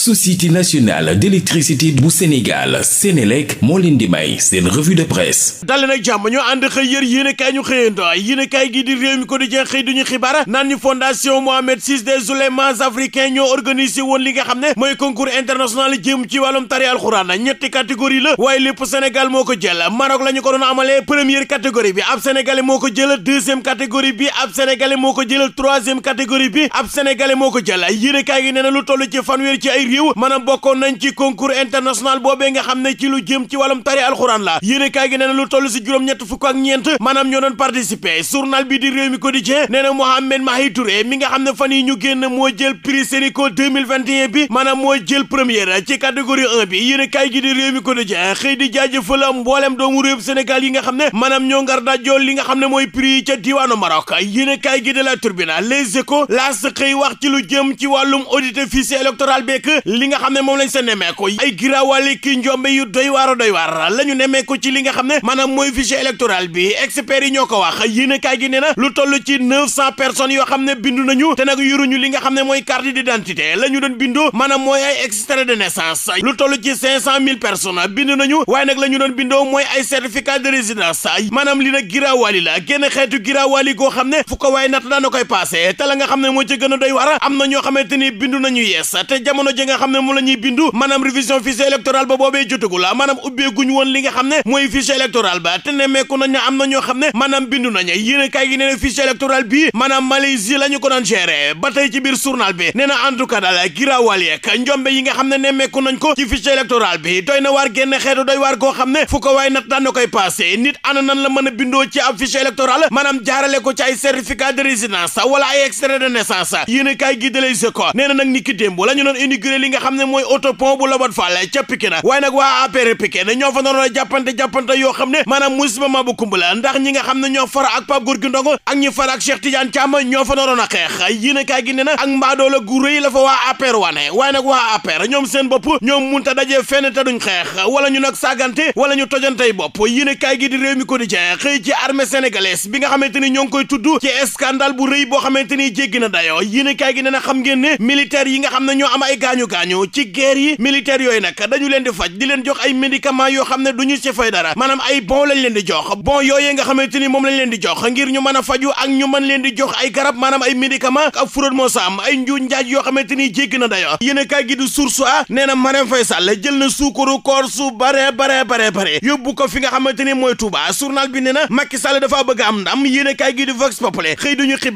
société nationale d'électricité bu Sénégal Sénélec moo leen di may seen revue de presse dali jàmm ñoo ànd xëy yër yéenekaay ñu xëyanto yéenekaay gi di réew mi ko di jeex xëy xibaar naan ñu fondation Mohamed VI des oulémas africains ñoo organisé woon li nga xam ne mooy concours international jëm ci wàllum tari alxuraan ñetti catégorie la waaye lépp Sénégal moo ko jël Maroc la ñu ko doon amalee première catégorie bi ab sénégalais moo ko jël deuxième catégorie bi ab sénégalais moo moo ko jël yéenekaay gi nee na lu toll ci fanweer yiw maanaam bokkoon nañ ci concours international boobee nga xam ne ci lu jëm ci wàllum tari alxuraan la yéene kaay gi nee na lu toll si juróom-ñett fukk ak ñeent maanaam ñoo doon participer journal bi di réew mi quotidien nee na Mohamed Mahi Touré mi nga xam ne fan yi ñu génn moo jël prix Sénico 2021 bi maanaam moo jël première ci catégorie 1 bi yéene kaay gi di réew mi quotidien xëy di jaajëfal mboolem doomu réew Sénégal yi nga xam ne maanaam ñoo ngar dajjool li nga xam ne mooy prix ca diwaanu Maroc yéene kaay gi de la Tribune Les Échos laas xëy wax ci lu jëm ci wàllum audit fichier électoral beek li nga xam ne moom lañ sa nemmeeku ay giraawaale ki njombe yu doy waar doy waar la ñu nemmeeku ci li nga xam ne maanaam mooy fichier électoral bi experts yi ñoo ko wax yéen a kaay gi nee na lu toll ci neuf cent personnes yoo xam ne bindu nañu te nag yoruñu li nga xam ne mooy carte d'identité la ñu doon bindoo maanaam mooy ay extrait de naissance lu toll ci cinq cent mille personnes bindu nañu waaye nag la ñu doon bindoo mooy ay certificat de résidence maanaam li nag giraawaali la génn xeetu xam ne ko waaye natt daana koy passé te nga xam ne moo ci a na ñoo xamante ni bindu nañu yees te jamono ji nga xam ne moom la bindu maanaam révision fichier électoral ba boobee jotagul ah maanaam ubbeeguñ woon li nga xam ne mooy fichier électoral ba te nemmeeku nañu xam ne maanaam bindu nañu yéen a kaay gi nee na fichier électoral bii maanaam Malaisie ko doon gérer ba ci biir journal bi nee na en tout cas daal giraawaal yeeg yi nga xam ne nemmeeku nañ ko ci fichier électoral bi doy na waar génn xeetu doy waar koo xam ne fu ko waay nat daan na koy nit ana nan la mën a bindoo ci a li nga xam ne mooy autopont bu Lobat Fall ca Pikine waaye nag waa APR Pikine ñoo fa naroon a yoo xam ne maanaam musiba ma bu kumbala ndax ñi nga xam ne ñoo fara ak Pape Gorgui Ndong ak ñi fara ak Cheikh Tidiane Thiam ñoo fa naroon a xeex yéene kaay gi ne a ak mbaadoo la gu rëy la fa waa APR wane waaye waa APR ñoom seen bopp ñoom munta dajee fenn te duñ xeex wala ñu nag saagante wala ñu tojantey bopp yéene kaay gi di réew mi ko di jeex xëy ci armée sénégalaise bi nga koy tudd ci scandale bu rëy boo ni jéggi na dayoo yéene kaay gi ne na xam ngeen ne militaire yi nga xam ne ñoo am ay gaañu gaañu ci guerre yi militaire yooyu nag dañu leen di faj di leen jox ay médicaments yoo xam ne du ci fay dara maanaam ay bon leen di bon yooyee nga xamante ni moom lañ leen di a faju ak ay garab maanaam ay médicaments ak furóon moo sa ay njuuj njaaj yoo xamante ni jégg na dayo yéen kaay gi di source a nee na Marème Faye Sall jël na suukaru koor su bare bare bare bare yóbbu fi nga xamante ni mooy Touba journal bi nee na dafa bëgg am ndam yéen kaay gi di Vox Populi xëy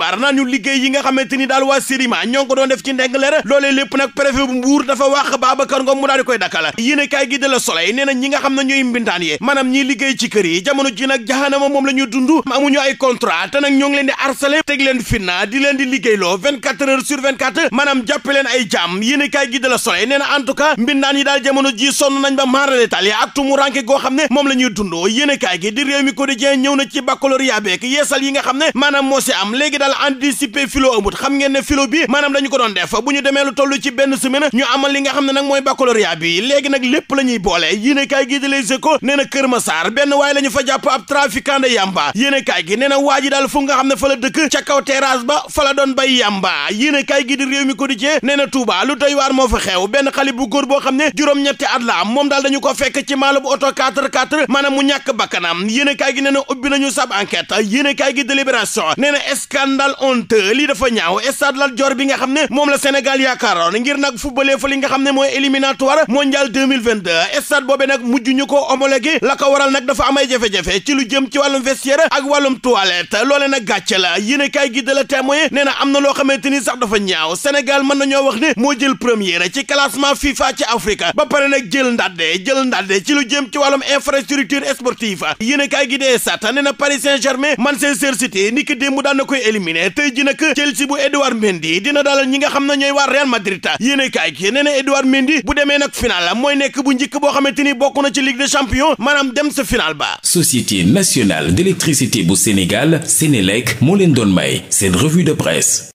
nguur dafa wax Babacar Ngom mu daal di koy dakkal yéene kaay gi de la Soleil nee na ñi nga xam na ñooy mbintaan yi maanaam ñiy liggéey ci kër yi jamono ji nag jaxanama moom la ñuy dund amuñu ay contrat te na ñoo ngi leen di harcelé teg leen finna di leen di liggéeyloo 24 heures sur 24 maanaam jàppe leen ay jàmm yéene kaay gi de la Soleil nee na en tout cas mbindaan yi daal jamono ji sonn nañ ba maaraletal yi ak tumuranke goo xam ne moom la ñuy dund yéene kaay gi di Rewmi ñëw na ci baccalauréat beek yeesal yi nga xam ne maanaam moo si am léegi daal anticiper philo amut xam ngeen ne philo bi maanaam dañu ko doon def bu ñu demee lu toll ci benn semaine ñu amal li nga xam ne nag mooy baccalauréat bi léegi nag lépp la ñuy boole yéene kaay gi di Les Échos nee na Kër Massar benn waaye la ñu fa jàpp ab trafiquant de yamba yéene kaay gi nee na waa ji daal nga xam ne fa la dëkk ca kaw terrasse ba fa la doon bay yamba yéene kaay gi di réew mi quotidien nee na Touba lu doy waar moo fa xew benn xale bu góor boo xam ne juróom-ñetti at la moom daal dañu ko fekk ci maalu bu oto 4-4 maanaam mu ñàkk bakkanam yéene kaay gi nee na ubbi nañu sab enquête yéene kaay gi délibération nee na scandale honteux lii dafa ñaaw stade Lat bi nga xam ne moom la Sénégal yaakaaroon ngir nag jubalee fa li nga xam ne mooy éliminatoire mondial 2022 stade boobee nag mujj ñu ko homologué la ko waral nag dafa am ay jafe-jafe ci lu jëm ci wàllum vestiaire ak wàllum toilette loole nag gàcce la yéene kaay gi de la témoin nee na am na loo xamante ni sax dafa ñaaw Sénégal mën nañoo wax ne moo jël première ci classement FIFA ci Afrique ba pare nag jël ndàdde jël ndàdde ci lu jëm ci wàllum infrastructure sportive yéene kaay gi de sat nee na Paris saint kaay gi nee na Edouard bu demee nag final la mooy nekk bu njëkk boo xamante ni bokk na ci Ligue des champions maanaam dem sa final ba Société nationale d'électricité bu Sénégal Sénélec moo leen doon may seen revue de presse